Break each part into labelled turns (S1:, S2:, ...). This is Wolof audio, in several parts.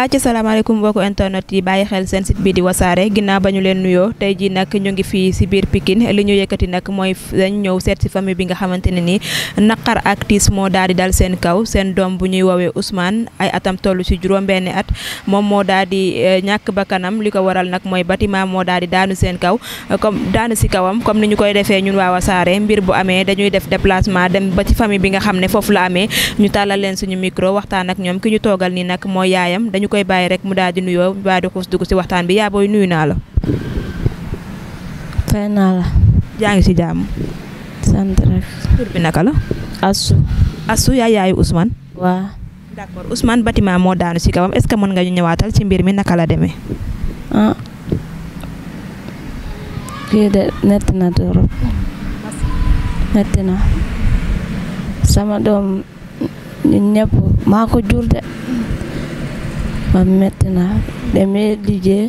S1: acca salaamaaleykum mbokku internet yi bàyyi xel seen site bi di wasaare ginnaaw ba ñu leen nuyoo tey ji nag ñu ngi fii si biir Pikine li ñu yëkkati nag mooy dañ ñëw seet si famille bi nga xamante ne ni naqar ak moo daal dal seen kaw seen doom bu ñuy woowee Ousmane ay atam toll si juróom benni at moom moo daal di eh, ñàkk bakkanam li ko waral nag mooy bâtiment moo daal di daanu seen kaw comme daanu si kawam comme ni ñu koy defee ñun waa wasaare mbir bu amee dañuy def déplacement dem ba ci famille bi nga xam ne foofu la amee ñu tàllal leen suñu micro waxtaan ak ñoom ki ñu toogal ni nag mooy yaayam koy bàyyi rek mu daal di nuyoo baa di ko dugg si waxtaan bi yaa booy nuyu naa la. fay la. yaa ngi si jàmm. sant rek. tur bi naka la. Assu. Assu yaay yaayu Ousmane. waaw. d' accord Ousmane moo daanu si kawam est ce que mën nga ñu ñëwaatal ci mbir mi naka la demee. Ah. kii de netti
S2: na trop. netti na. sama doom ñun maa ko jur de. man metti na demee liggéey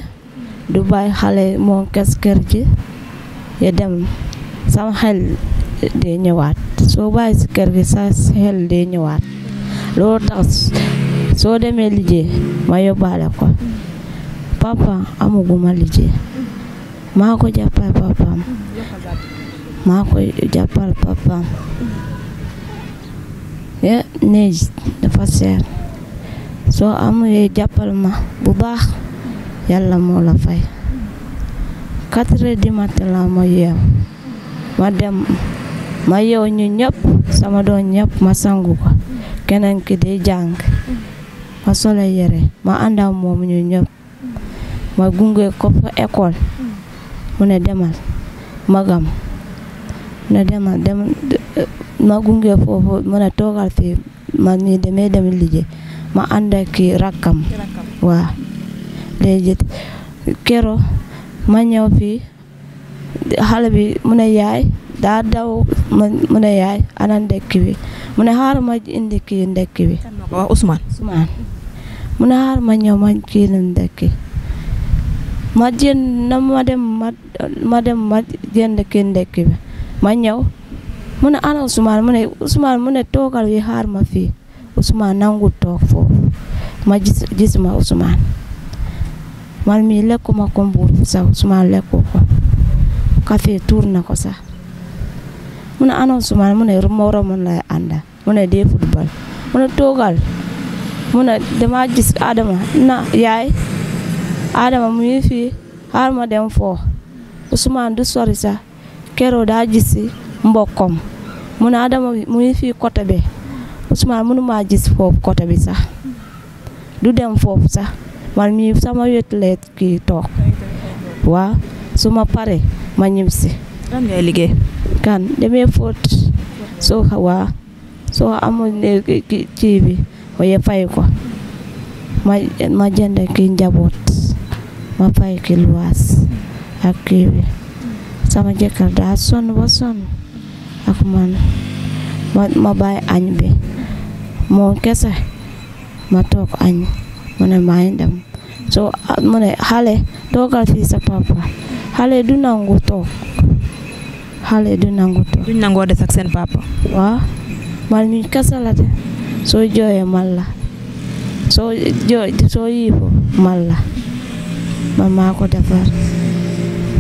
S2: du bàyyi xale moom kes kër gi ya dem sama xel day ñëwaat soo bàyyi si kër gi sa xel day ñëwaat loolu tax soo demee liggéey ma yóbbaale ko papa amuguma liggéey maa ko jàppal papaam
S3: maa ko jàppal papaam
S2: ya neej dafa seer soo amulee jàppal ma bu baax yàlla moo la fay quatre heures du matin ma dem ma yeew ñu sama doon ñëpp ma sangu ko keneen ki di jàng ma solo yére ma ànd moom ñu ma gunge ko fa école mu ne demal magam ne demal dem ma gunge foofu mu ne toogal fii man mii demee dem liggéey ma ànd ak rakkam waaw léegi kero ma ñëw fii xale bi mu ne yaay daa daw mu ne yaay ana ndekki bi mu ne xaaral ma indi kii ndekki bi
S1: waaw Ousmane Ousmane
S2: mu ne xaaral ma ñëw ma kii ndekki ma jënd na ma dem ma dem ma jënd kii ndekki bi ma ñëw mu ne ana Ousmane mu ne Ousmane mu ne toogal wi xaar ma fii Ousmane nangul toog foofu ma gis gis ma Ousmane man mii lekkuma ko mbuur sax Ousmane lekku ko café tuur na ko sax mu ne ana Ousmane mu ne moroomam lay ànda mu ne dee football mu ne toogal mu ne gis Adama na yaay Adama mu ngi fii ma dem foo Ousmane du sori sax keroo daa gis si mbokkam mu ne Adama mu ngi fii Ousmane mënumaa gis foofu côté bi sax du dem foofu sax man mii sama wetu lay kii toog waaw su ma paree ma ñibbi si. lan ngay liggéey. kan demee fóot soo ko waa kii bi waaye fay ko ma ma jënd kii njaboot ma fay ki luwaas ak kii bi sama jëkkër daa sonn ba sonn ak man ma bàyyi añ bi. moom kese ma toog añ mu ne maa dem so ah, mu ne xale toogal fii sa papa xale du nangu toog xale du nangu toog. duñ nangoo des ak seen papa. waaw man mi kese la de soo jooyee man la soo jooy soo yiifu man la man maa ko defar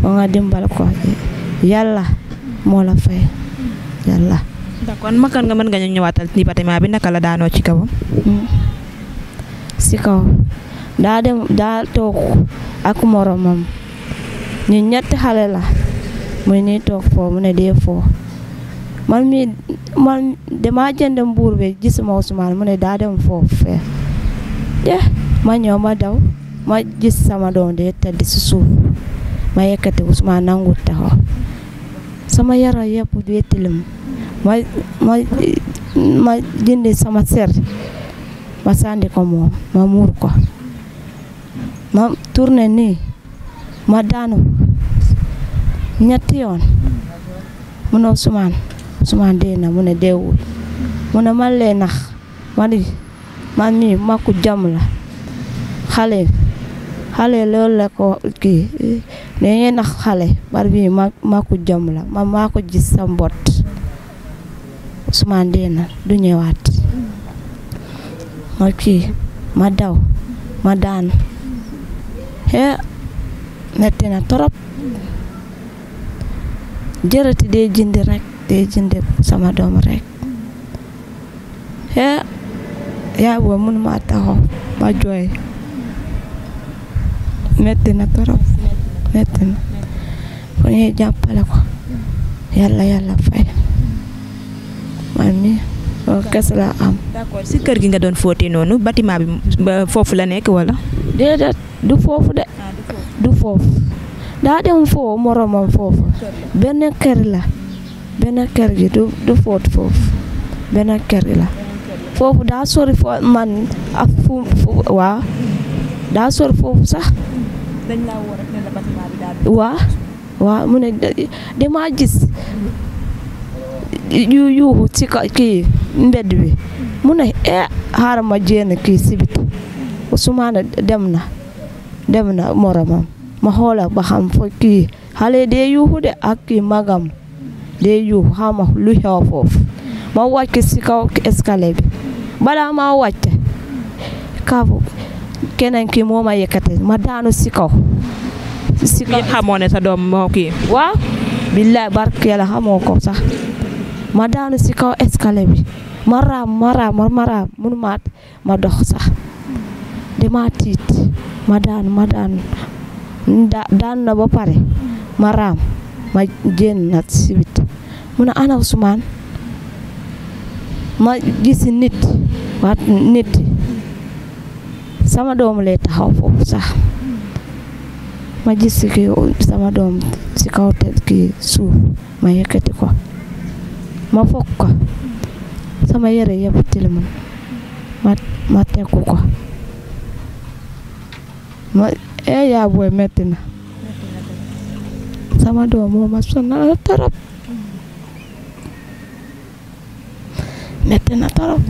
S2: ba nga dimbal ko yàlla moo la fay yàlla.
S1: d'accord makan nga mën nga ñu ñëwaatal ci bâtiment bi naka la daanoo ci kawam. Hmm. si kaw daa dem daa
S2: toog ak moromam ñu ñetti xale la muy ni toog foo mu ne dee man mi man jënd mbuur bi gisuma Ousmane mu ne daa dem foofu ma ñëw ma daw ma gis sama doom de tëdd si suuf ma yëkkati Ousmane nangu taxaw sama yaram yëpp dee tilim ma ma sama ser ma sànni ko moom ma muur ko ma tourné nii ma daanu ñetti yoon mu ne Ousmane Ousmane dee na mu ne deewul mu man lee nax ma ni man la xale xale loolu la ko kii nee nax xale bari bii makku jàmm la ma maa ko gis sa mbott Ousmane dee du ñëwaat ma kii ma daw ma daanu he metti na torop jërëti dee jindi rek dee jindi sama doom rek he yaa boo taxaw ma jooy metti na torop metti na fu ñuy jàppale ko
S1: yàlla yàlla fay man mi loolu laa am. si kër gi nga doon fóotee noonu bâtiment bi foofu la nekk wala. déedéet du foofu de. Ah,
S2: du foofu. daa dem foo moromam foofu. benn kër la. benn kër gi du fóot foofu. benn kër la. foofu daa sori foo man ak fu waa daa sori foofu sax. waa waa mu ne damaa gis. yu yuuxu ci kii mbedd bi mu ne eh xaaral ma jéem kii si biti dem na dem na moromam ma xoolal ba xam fo kii xale dee yuuxu de ak kii magam dee yuuxu xam lu xew foofu ma wàcc si kaw escalier bi balaa ma wàcc kaafu keneen kii moo ma yëkkate ma daanu si kaw. si kaw xamoo moo kii. waaw billaay barke yàlla ko sax. ma daanu ci kaw escalier bi ma raam ma raam ma ma dox sax dama tiit ma daanu ma daanu na ba pare ma raam ma génn nat si biti mu ne ana Ousmane ma gis nit waat nit sama doom lay taxaw foofu sax ma gis si sama doom ci kaw te kii suuf ma yëkkati ko ma foog ko sama yére yëpp tilimun ma ma ko ma ee eh, yaa booy metti na sama doom moo ma sonal
S3: torop
S1: metti torop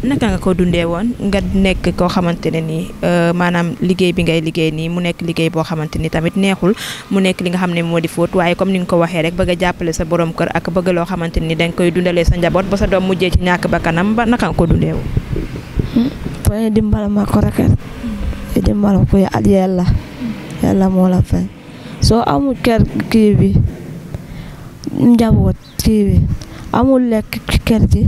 S1: naka nga ko dundee woon nga nekk koo xamante ne nii euh, maanaam liggéey bi ngay liggéey nii mu nekk liggéey boo xamante ni tamit neexul mu nekk li nga xam ne moo di fóot waaye comme ni nga ko waxee rek bëgg a jàppale sa borom kër ak bëgg loo xamante ni danga koy dundalee sa njaboot ba sa doom mujjee ci ñàkk ba naka nga ko dundee woon.
S2: waaye dimbala ma ko rek dimbala ko ak yàlla yàlla moo la fay soo amul kër kii bi njaboot kii bi amul lekk kër gi.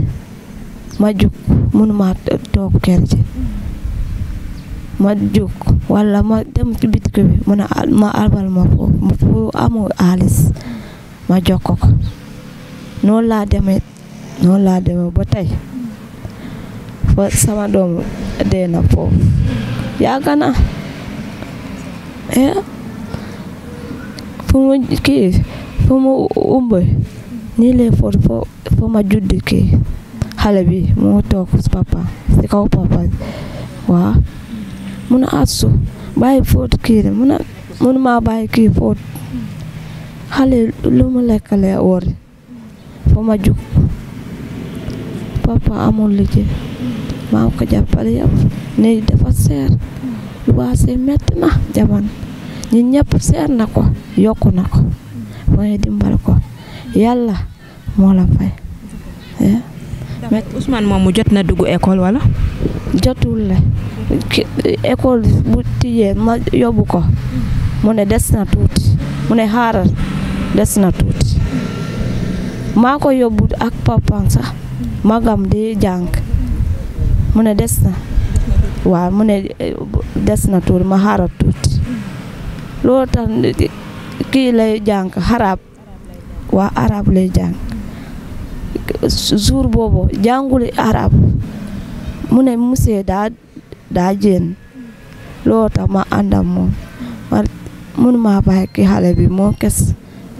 S2: ma jug mënuma toog kër ma jug wala ma dem ci bitik bi mu ne ma albal ma foofu ma fu amul xaalis ma jokko ko noonu laa demee noonu laa demee ba tey fa sama doom dee na foofu yàgg na eh? fu mu kii fu mu umbe nii lay fo fo ma juddi kii xale bi moo toog papa si kaw papa waaw mun a atsu bàyyi fóot kii mun a mun maa bàyyi kii fóot xale lu mu lekkalee woor fa ma jug papa amul liggéey maa ko jàppale yëpp ne dafa seer luwaase metti na jamono ñun ñëpp seer na ko yokk na ko mooy dimbal ko yàlla moo la fay
S1: Ahmed Ousmane moom mu jot na dugg école wala. jotul la école bu
S2: tijjee ma yóbbu ko mu ne des na tuuti mu ne xaaral des na tuuti maa ko yóbbu ak papaam sax magam di jàng mu ne des na waa mu ne eh, des na tuuti ma xaaral tuuti loolu tax kii lay jàng xaraab waa arab lay jàng suur boobu jàngul arab mu ne daa daa jéen tax ma ànd ak moom mun maa bàyyi ki xale bi moo kes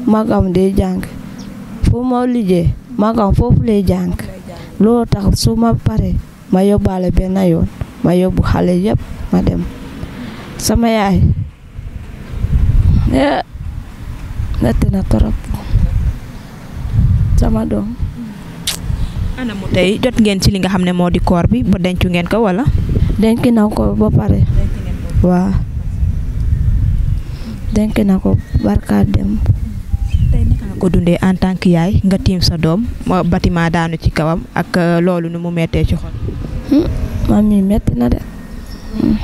S2: magam day jàng fu ma liggéey magam foofu lay jàng loo tax su ma pare ma yóbbaale benn yoon ma yóbbu xale yépp ma dem sama yaay netti eh, na torop
S1: sama doom ana mu tey jot ngeen ci li nga xam ne moo di koor bi ba dencu ngeen ko wala. denc na ko ba pare. waaw denc na ko barkaat dem. ko dundee en tant yaay nga tiim sa doom bâtiment daanu ci kawam ak euh, loolu nu mu mettee ci xol. Hmm, maam metti na de. Hmm.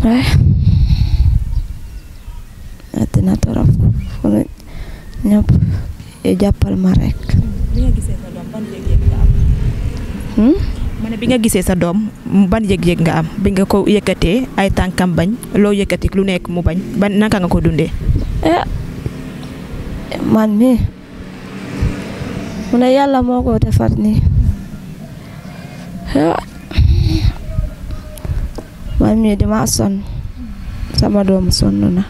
S2: waaye metti na torop ñëpp. Eh, jàppal ma rek.
S1: bi nga gisee sa doom ban yëg nga am. Hmm? ma ne bi nga gisee yëg-yëg nga am bi nga ko yëkkatee ay tànkam bañ loo yëkkati lu nekk mu bañ ban naka nga ko dundee. Eh, man mii mu ne
S2: yàlla moo ko defar nii eh, man mii dama sonn sama doom sonn na.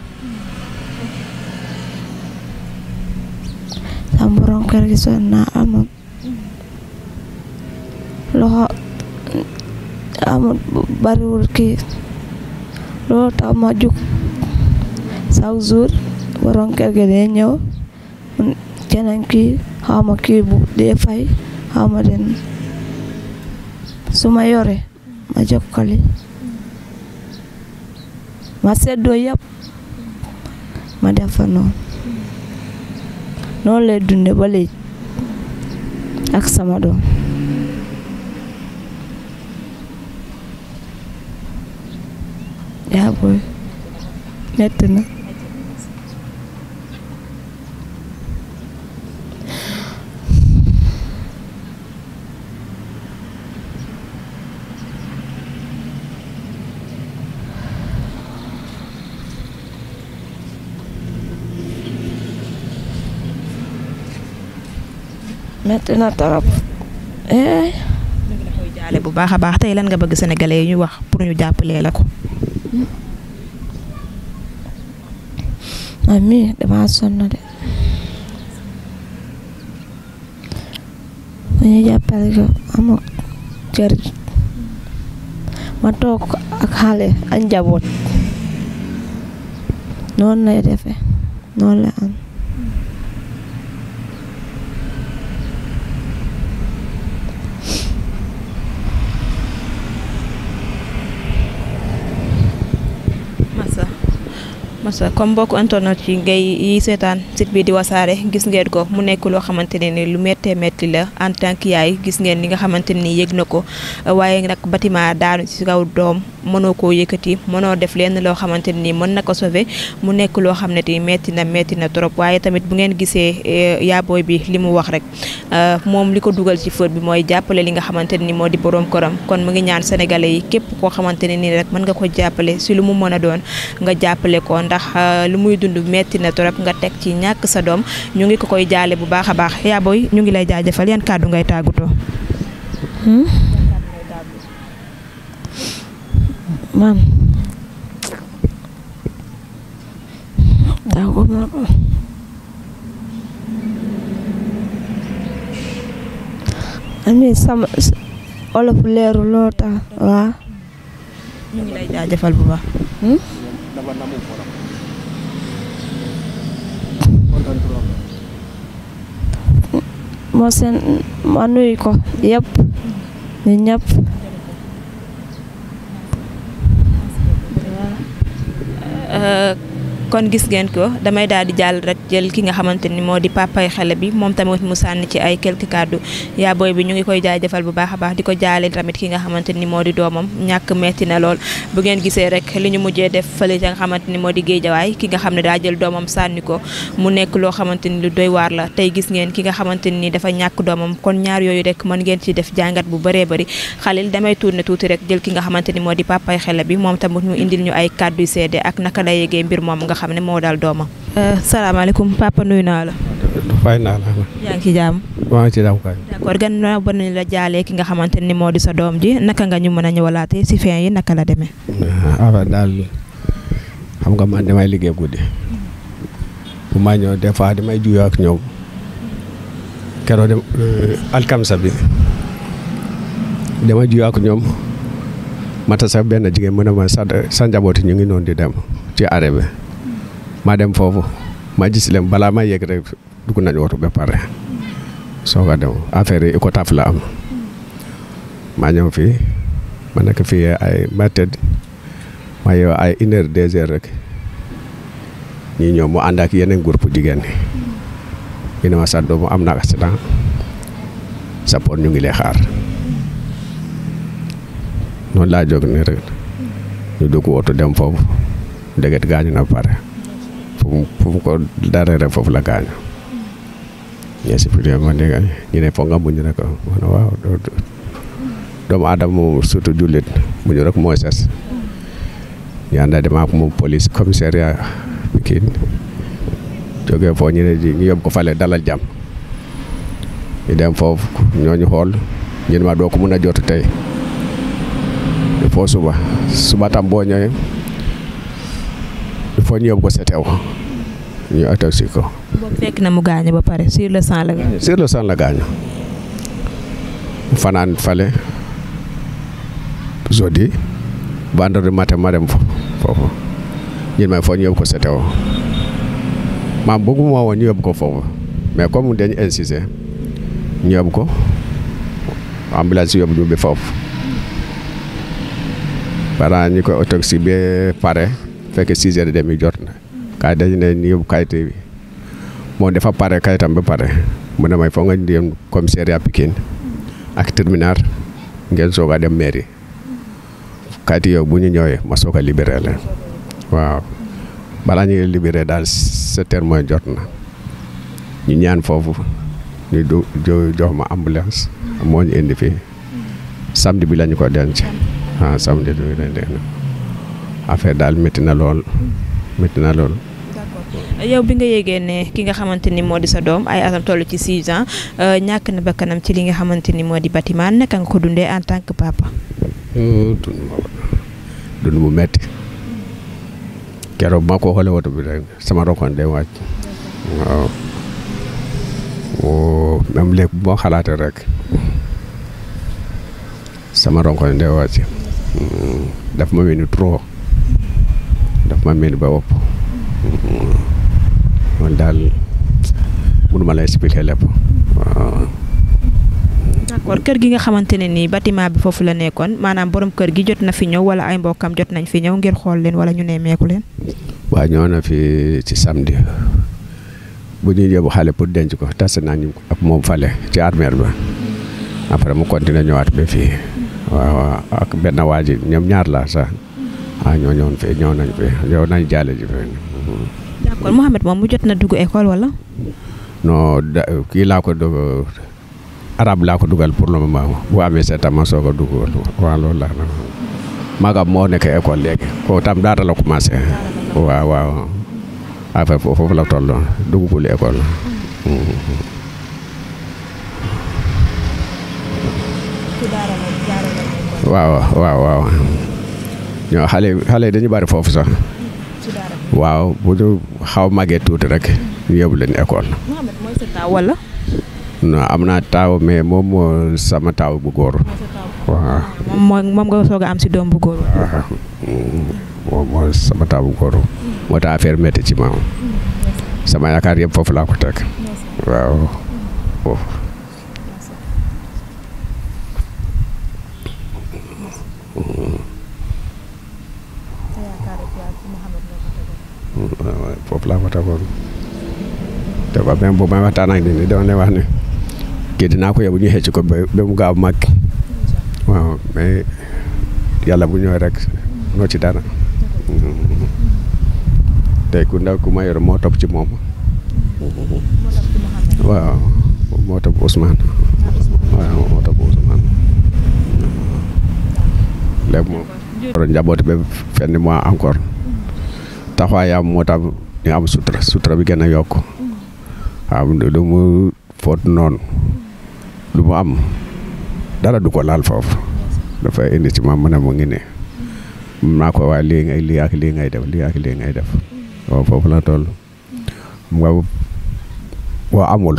S2: am borom kër gi sonn naa amut loxo amut bariwul kii loolu tax ma jug chaque jour borom kër gi day ñëw keneen kii xaw ma kii dee fay xaw ma su ma yore ma jokkali ma seddoo yëpp ma def noonu lay dunde ba léegi ak sama doom yaa booy na
S1: metti na trop. Eh? jaale bu baax a baax tey lan nga bëgg sénégalais yi ñu wax pour ñu jàppalee la ko.
S2: ami dama jàppale ko amul kër ma toog ak xale ak njaboot noonu lay defee noonu la am.
S1: masa comme mbokku internet yi ngay yi seetaan site bi di wasaare gis ngeen ko mu nekk loo xamante ne ni lu méttee métti la en tant que yaay gis ngeen li nga xamante ne ni yëg na ko waaye nag bâtiment daanu ci kaw doom mënoo koo yëkkati mënoo def lenn loo xamante ne mën na ko sauver mu nekk loo xam ne te métti na métti na trop waaye tamit bu ngeen gisee eh, yaabooy bi li mu wax rek eh, moom li ko dugal ci fóot bi mooy jàppale li nga xamante ne ni moo di borom koram kon mu ngi ñaan sénégalais yi képp koo xamante ne ni rek mën nga ko jàppale si lu mu mën a doon nga jàppale koon ndax euh, lu muy dund metti na trop nga teg ci ñàkk sa doom ñu ngi ko koy jaale bu baax a baax yaa booy ñu ngi lay jaajëfal yan kàddu ngay tàggatoo. Hmm? maam
S2: amin sama bu baax hmm? ma seen ma nuyu ko yëpp ñu
S1: kon gis ngeen ko damay daal di jàll rek jël ki nga xamante ni moo di papay xale bi moom tamit mu sànni ci ay quelques kàddu bi ñu ngi koy jaajëfal bu baax a baax di ko jaale tamit ki nga xamante ni moo di doomam ñàkk metti na lool bu ngeen gisee rek li ñu mujjee def fële ca nga xamante ni moo di géejawaay ki nga xam ne daa jël doomam ko mu loo xamante ni lu doy la tey gis ngeen ki nga xamante ni dafa ñàkk doomam kon ñaar yooyu rek mën ngeen ci def jàngat bu bëree bëri xalil damay tourner tuuti rek jël ki nga xamante ni moo di papay bi moom tamit mu indil ñu ay kàddu seede ak naka la yégee mbir moom nga xam ne moo daal doomam. Euh, salaamaaleykum papa nuyu naa la.
S4: fay naa la. yaa ngi ci jàmm. maa ngi ci jàmm kay.
S1: d'accord gannaaw ba nañ la jaalee ki nga xamante ni moo di sa doom ji naka nga ñu mën a ñëwalaatee si fin yi naka la demee.
S4: Ah, affaire daal xam nga man damay liggéey guddi. bu ma ñëw des fois damay juyoo ak ñoom. keroog dem euh, alkamsa bi dama juyoo ak ñoom. mata sax benn jigéen mu ne ma sa sa njabooti ñu ngi noonu di dem ci arrêt bi ma dem foofu ma gis leen balaa ma yegg rek dugg nañu woto ba pare soo ko dem affaire yi Icotaf la am ma ñëw fii ma nekk fii ay ma tëdd ma yeew ay une heure rek ñi ñëw mu ànd ak yeneen groupe jigéen ñi ñu ne ma sa doomu am na accident sa poon ñu ngi lay xaar noonu laa jóg nii rek ñu dugg woto dem foofu dëgget gaañu na pare. fu mu ko daaneel rek foofu la gaañu ñu expliqué ma ne ñu ne foog muñ rek ma waaw doomu aadama moom surtout jullit muñ rek mooy ses ñu ànd ak demaak moom police commissariat Pikine jógee foofu ñu ne ñu yóbbu ko fale dalal jàmm ñu dem foofu ñooñu xool ñu ma doo ko mun a jot tey il suba suba tam boo ñëwee. foo ñu yóbbu ko setew ñu autopsie ko.
S1: fekk na mu gaañu ba pare sur le sang la. sur
S4: le sang la gaañu. fanaan fale jeudi ba ma dem foofu foo ñu yóbbu ko setew maam bëggu ma woon ñu yóbbu ko foofu mais comme dañu insisté ñu yóbbu ko ambulance yóbbu ñu bi foofu. balaa ñu koy autopsie bi pare. fekkee six heures demi jot na kaay dañ ne ñu yóbbu kayit bi moom dafa pare kayitam ba pare mu ne may foog nga dem commissariat Pikine ak terminal ngeen soog a dem mairie kayit yow bu ñu ñëwee ma soog a libéré waaw balaa ñu libéré daal sept heures jot na ñu ñaan foofu ñu jox ma ambulance moo ñu indi fii samedi bi lañu ko denc ah samedi bi lañ denc affaire daal métti na lool métti na lool.
S1: yow bi nga yégee ne ki nga xamante ni moo di sa doom ay atam toll ci 6 ans euh, ñàkk na ba kanam ci li nga xamante ni moo di bâtiment naka nga ko dundee en tant que papa.
S4: Oh, dund dund bu metti keroog ma ko xoolee woto bi rek sama rokkoon day wàcc waaw. Oh, boo xalaatee rek sama ronkoñ de wàcc hmm, ma wéni trop mammeen ba wopp loolu daal mënuma la expliquer lépp waaw.
S1: d'accord kër gi nga xamante ne nii bâtiment bi foofu la nekkoon maanaam borom kër gi jot na fi ñëw wala ay mbokkam jot nañ fi ñëw ngir xool leen wala ñu ne meeku leen.
S4: waaw ñëw na fi ci samedi bu ñuy yóbbu xale pour denc ko tase naa ñu ak moom fale ci armeer ba après mu continuer ñëwaat ba fi waaw ak benn waa ji ñoom ñaar la sax. ah ñoo ñëwoon fii ñëw nañ fi yow nañ jaale ji fii. d'accord
S1: moom mu jot na dugg école wala.
S4: non kii laa ko dugg laa ko dugal pour le moment bu amee sept ma soog a dugg waaw loolu moo nekk école léegi ko tam daara la commencé waaw waaw waaw. ñoo xale xale yi dañu bari foofu sax waaw bu ñu xaw màggee tuuti rek yóbbu leen école. wala. non am naa taaw mais moom moo sama taaw bu góor. waaw
S1: moom nga soog am si doom bu góor.
S4: Ah, ah. moom moo sama taaw bu góor moo tax affaire métti ci maam sama yaakaar yëpp foofu laa ko teg waaw. foofu laa te ba même bu may waxtaan ak nit ñi dama lay wax ne kii dinaa ko yóbbu ñu xëcc ko ba mu gaaw màgg waaw mais bu ñëwee rek noo ci dara te ku ndaw ku ma moo topp ci moom waaw moo topp Ousmane waaw moo topp Ousmane léegi njaboot ba fenn mois encore. taxawaayam moo tax ñu am sutura sutura bi gën a yokk waaw lu mu foot noonu lu mu am dara du ko laal foofu dafay indi si ma mën a mu ngi ne naa ko waaye lii ngay lii ak lii ngay def lii ak lii ngay def foofu la toll nga waa amul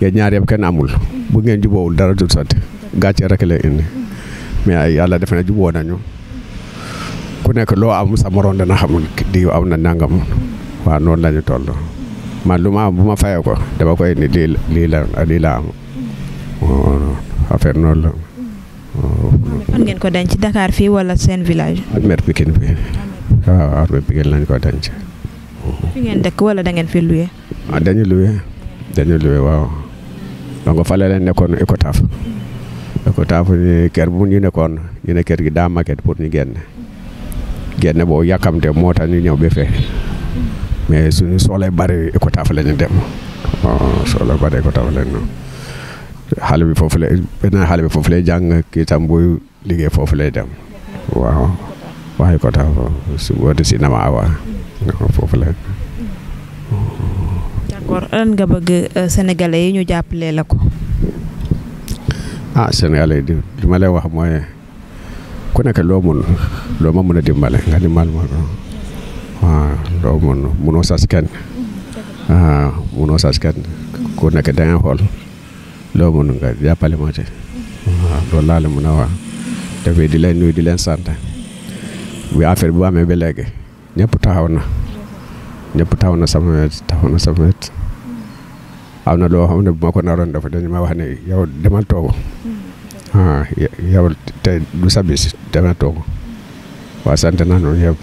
S4: yéen ñaar yëpp kenn amul bu ngeen jubóowul dara du sotti gàcce rek la indi mais yàlla def na nañu bu nekk loo am sa morom dana xamul di am na nangam waaw noonu la ñu toll man lu ma am bu ma fayee ko dama koy ni lii lii la am affaire noonu la. fan
S1: ngeen ko denc Dakar fii wala seen village.
S4: Ameth Pikine bi waaw Ameth Pikine lañ ko denc.
S1: fi ngeen dëkk wala da ngeen fi luwe.
S4: ah dañu luwe dañu luwe waaw donc fale leen nekkoon Icotaf Icotaf kër bu ñu nekkoon ñu ne kër gi daa maquette pour ñu génn. génn boobu yàkkamte moo tax ñu ñëw ba fee mais suñu soxlay bari Icotaf la ñu dem soxla bari Icotaf la ñu xale bi foofu lay bi foofu lay jàng kii tam buy liggéey foofu lay dem waaw waaye Icotaf su woote si nama awa foofu la
S1: d'accord nga bëgg euh, sénégalais yi ñu jàppale la ko
S4: ah sénégalais yi li wax mooy ku nekk loo mun loo ma mën a dimbale nga dimbal ma waaw loo mun munoo sas kenn waaw munoo sas ku nekk da xool loo mun nga jàppale ma ci waaw loolu laa mun a wax dafay di leen nuyu di leen sant bi affaire bu amee ba léegi ñëpp taxaw na ñëpp taxaw na sama wet taxaw na sama na loo xam ne bu ma ko naroon dafa dañu ma wax ne yow demal toog ah yow tey du sa bis dama toog waaw sant naa noonu yëpp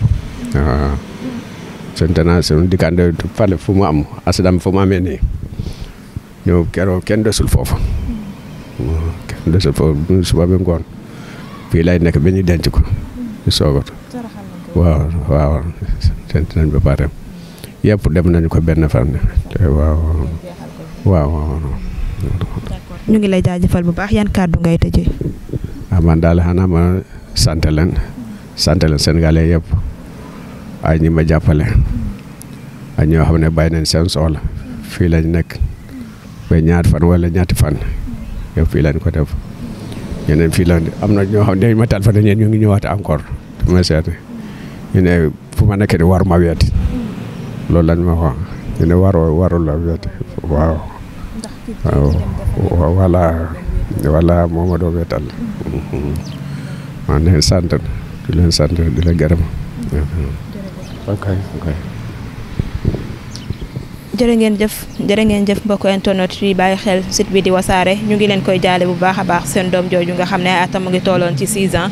S4: waaw sant naa suñu diggante fale fu mu am asidam fu mu amee nii ñëw keroog kenn desul foofu kenn desul foofu suba bi ngoon fii lay nekk ba ñu denc ko soogot waaw waaw sant nañ ba pare yëpp dem nañu ko benn fan waaw waaw waaw ñu
S1: ngi lay jaajëfal bu baax yan kàddu ngay tëjee.
S4: ah man daal xanaa ma sant leen sant leen Sénégalais yëpp ñi ma jàppale ay ñoo xam ne bàyyi nañ seen soxla fii lañ nekk ba ñaar fan wala ñaati fan yow fii lañ ko def ñeneen fii lañ am na ñoo xam ne ma taal fan ñeen ñu ngi ñëwaat encore dama seet ñu ne fu ma nekk nii war ma loolu lañ ma wax ñu la weet waaw. waaw voilà voilà Momadou Wetal mm-hmm. maa ngi leen sant di leen sant di la gërëm mm-hmm.
S1: jërë ngeen jëf jërë ngeen jëf mbokk internet yi bàyyi xel site bi di wasaare ñu ngi leen koy jaale bu baax a baax seen doom jooju nga xam ne ay atam mu ngi tolloon ci 6 ans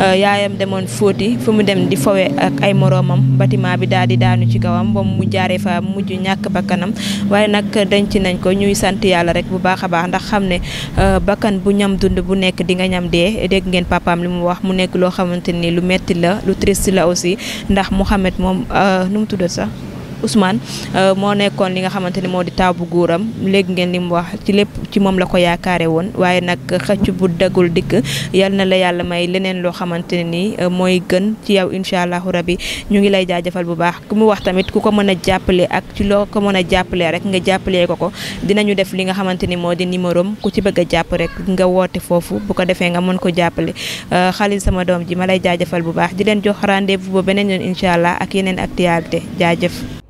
S1: euh, yaayam demoon fóoti fu mu dem di fowe ak ay moroomam bâtiment bi daal di daanu ci kawam ba mu jaaree fa mujj ñàkk bakkanam waaye nag denc nañ ko ñuy sant yàlla rek bu baax a baax ndax xam ne euh, bakkan bu ñam dund bu nekk di nga ñam dee dégg ngeen papaam li mu wax mu nekk loo xamante ni lu metti la lu triste la aussi ndax Mouhamed moom euh, nu mu tudd sax Ousmane euh, moo nekkoon li nga xamante ni moo di taabu góoram léegi ngeen li mu wax ci lépp ci moom la ko yaakaare woon waaye nag xëcc bu dagul dikk yal na la yàlla may leneen loo xamante ne nii euh, mooy gën ci yow incha allahu rabi ñu ngi lay jaajëfal bu baax ku mu wax tamit ku ko mën a jàppale ak ci loo ko mën a jàppale rek nga jàppalee ko ko dinañu def li nga xamante ni moo di numéro am ku ci bëgg a jàpp rek nga woote foofu bu ko defee nga mën ko jàppale xalil euh, sama doom ji ma lay jaajëfal bu baax di leen jox rendez-vous ba beneen yoon incha allah ak yeneen actualité jaajëf